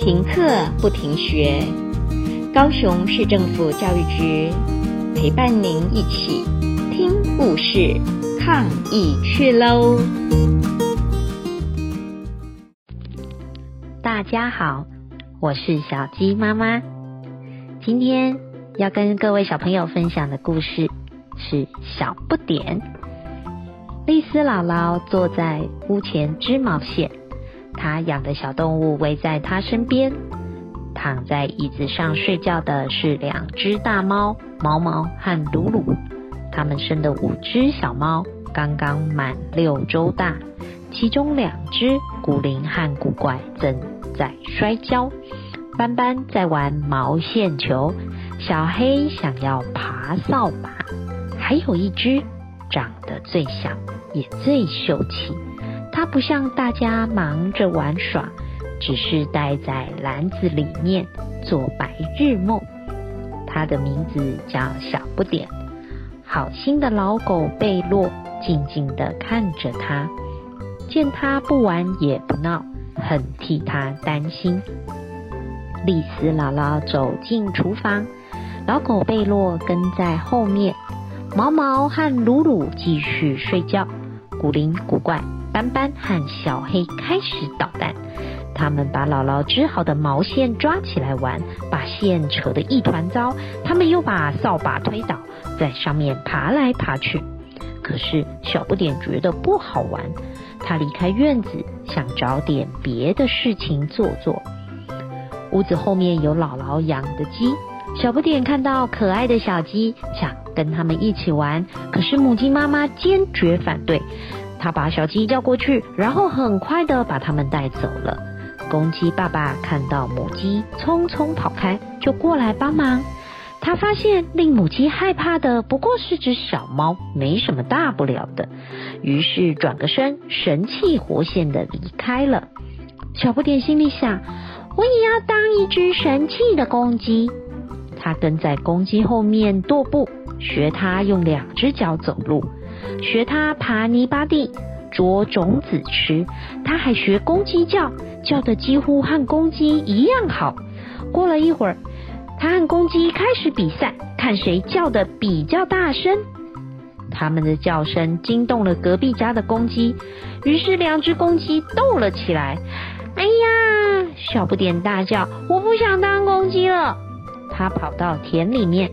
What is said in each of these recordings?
停課不停學，高雄市政府教育局陪伴您一起聽故事，抗疫趣嘍！大家好，我是小雞媽媽，今天要跟各位小朋友分享的故事是《小不點》。麗絲姥姥坐在屋前織毛線。他養的小動物圍在他身邊，躺在椅子上睡覺的是兩隻大貓，毛毛和魯魯。他們生的五隻小貓剛剛滿六週大，其中兩隻古靈和古怪正在摔跤，斑斑在玩毛線球，小黑想要爬掃把，還有一隻長得最小也最秀氣。不像大家忙着玩耍，只是待在籃子裡面做白日夢。它的名字叫小不點。好心的老狗貝洛靜靜地看着它，見它不玩也不鬧，很替它擔心。麗絲姥姥走進廚房，老狗貝洛跟在後面。毛毛和魯魯繼續睡覺，古靈古怪，斑斑和小黑開始搗蛋，他們把姥姥織好的毛線抓起來玩，把線扯得一團糟。他們又把掃把推倒，在上面爬來爬去。可是小不點覺得不好玩，他離開院子，想找點別的事情做做。屋子後面有姥姥養的雞，小不點看到可愛的小雞，想跟他們一起玩，可是母雞媽媽堅決反對。他把小雞叫過去，然後很快的把它們帶走了。公雞爸爸看到母雞匆匆跑開，就過來幫忙。他發現令母雞害怕的不過是只小貓，沒什麼大不了的。於是轉個身，神氣活現的離開了。小不點心裡想：我也要當一只神氣的公雞。他跟在公雞後面踱步，學它用兩只腳走路。學它爬泥巴地、啄種子吃，它還學公雞叫，叫得幾乎和公雞一樣好。過了一會兒，它和公雞開始比賽，看誰叫得比較大聲。它們的叫聲驚動了隔壁家的公雞，於是兩隻公雞鬥了起來。哎呀，小不點大叫：“我不想當公雞了！”它跑到田裡面，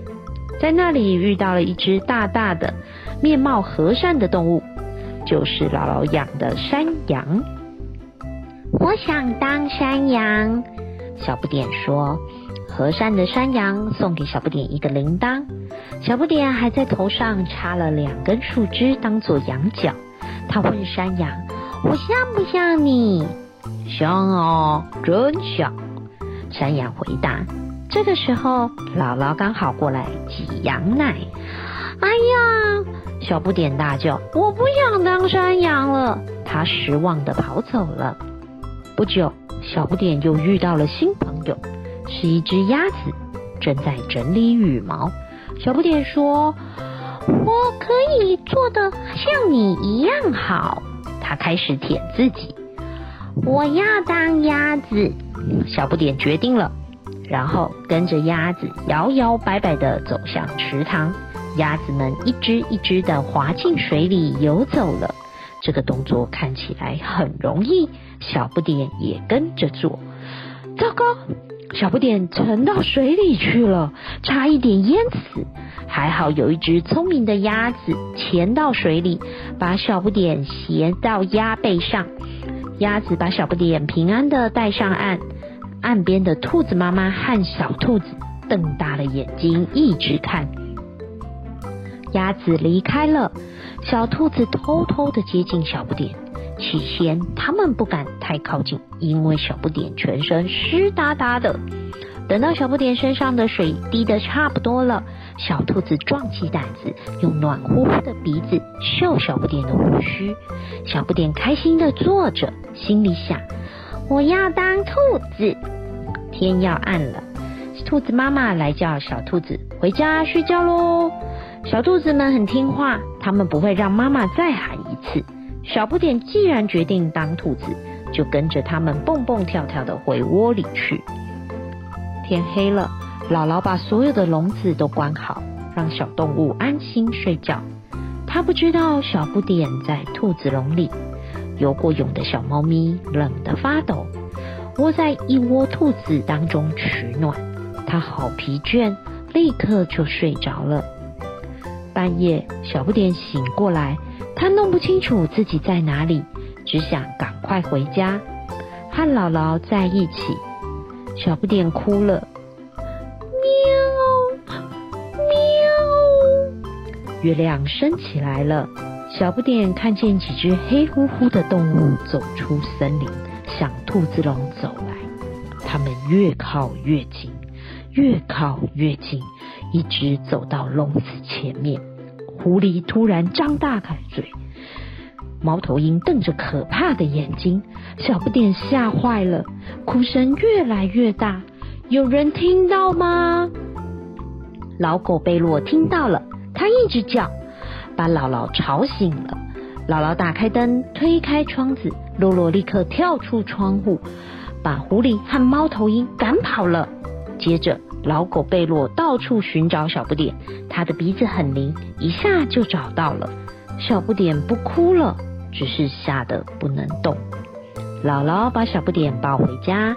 在那裡遇到了一隻大大的。面貌和善的動物，就是姥姥養的山羊。我想當山羊，小不點說。和善的山羊送給小不點一個鈴鐺，小不點還在頭上插了兩根樹枝當做羊角。他問山羊：“我像不像你？”“像哦，真像。”山羊回答。這個時候，姥姥剛好過來擠羊奶。哎呀！小不點大叫：“我不想當山羊了！”他失望的跑走了。不久，小不點又遇到了新朋友，是一隻鴨子，正在整理羽毛。小不點說：“我可以做得像你一樣好。”他開始舔自己。我要當鴨子，小不點決定了，然後跟着鴨子搖搖擺擺地走向池塘。鴨子們一只一只的滑進水裡游走了，這個動作看起來很容易，小不點也跟着做。糟糕，小不點沉到水裡去了，差一點淹死。還好有一只聰明的鴨子潛到水裡，把小不點銜到鴨背上。鴨子把小不點平安的帶上岸，岸邊的兔子媽媽和小兔子瞪大了眼睛，一直看。鴨子離開了，小兔子偷偷地接近小不點。起先，他們不敢太靠近，因為小不點全身濕噠噠的。等到小不點身上的水滴得差不多了，小兔子壯起膽子，用暖乎乎的鼻子嗅小不點的鬍鬚。小不點開心地坐着，心裡想：“我要當兔子。”天要暗了，兔子媽媽來叫小兔子回家睡覺嘍。小兔子們很聽話，它們不會讓媽媽再喊一次。小不點既然決定當兔子，就跟着他們蹦蹦跳跳的回窩裡去。天黑了，姥姥把所有的籠子都關好，讓小動物安心睡覺。她不知道小不點在兔子籠裡，游過泳的小貓咪冷得發抖，窩在一窩兔子當中取暖。它好疲倦，立刻就睡着了。半夜，小不點醒過來，他弄不清楚自己在哪裡，只想趕快回家，和姥姥在一起。小不點哭了，喵，喵。月亮升起來了，小不點看見幾隻黑乎乎的動物走出森林，向兔子籠走來。它們越靠越近，越靠越近。一直走到籠子前面，狐狸突然張大開嘴，貓頭鷹瞪着可怕的眼睛，小不點嚇壞了，哭聲越來越大，有人聽到嗎？老狗貝洛聽到了，他一直叫，把姥姥吵醒了。姥姥打開燈，推開窗子，洛洛立刻跳出窗戶，把狐狸和貓頭鷹趕跑了。接着。老狗貝洛到處尋找小不點，他的鼻子很靈，一下就找到了。小不點不哭了，只是嚇得不能動。姥姥把小不點抱回家，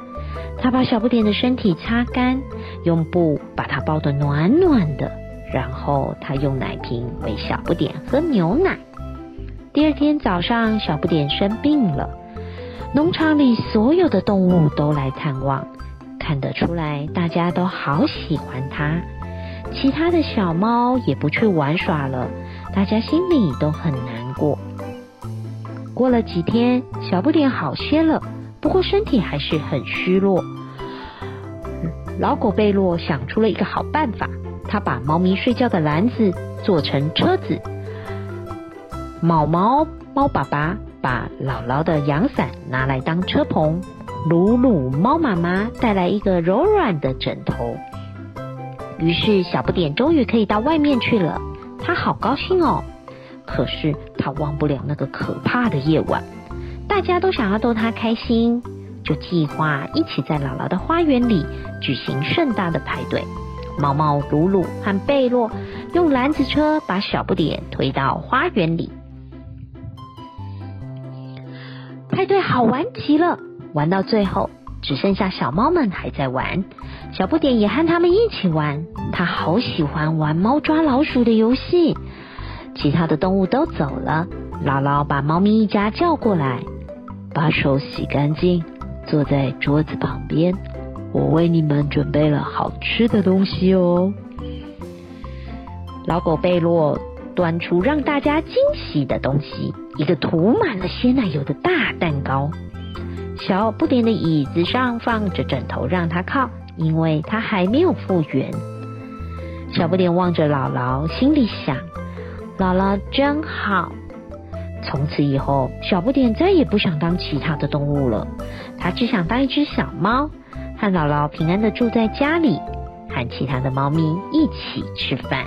他把小不點的身體擦乾，用布把它包得暖暖的，然後他用奶瓶餵小不點喝牛奶。第二天早上，小不點生病了，農場裡所有的動物都來探望。嗯看得出來，大家都好喜歡它。其他的小貓也不去玩耍了，大家心裡都很難過。過了幾天，小不點好些了，不過身體還是很虛弱。嗯，老狗貝洛想出了一個好辦法，他把貓咪睡覺的籃子做成車子。貓貓、貓爸爸把姥姥的陽傘拿來當車棚。魯魯貓媽媽帶來一個柔軟的枕頭，於是小不點終於可以到外面去了。她好高興哦！可是她忘不了那個可怕的夜晚。大家都想要逗她開心，就計劃一起在姥姥的花園裡舉行盛大的派對。毛毛、魯魯和貝洛用籃子車把小不點推到花園裡。派對好玩極了！玩到最後，只剩下小貓們還在玩，小不點也和他們一起玩。他好喜歡玩貓抓老鼠的遊戲。其他的動物都走了，姥姥把貓咪一家叫過來，把手洗乾淨，坐在桌子旁邊。我為你們準備了好吃的東西哦。老狗貝洛端出讓大家驚喜的東西——一個塗滿了鮮奶油的大蛋糕。小不點的椅子上放着枕頭，讓他靠，因為他還沒有復原。小不點望着姥姥，心裡想：“姥姥真好。”從此以後，小不點再也不想當其他的動物了，他只想當一隻小貓，和姥姥平安的住在家裡，和其他的貓咪一起吃飯。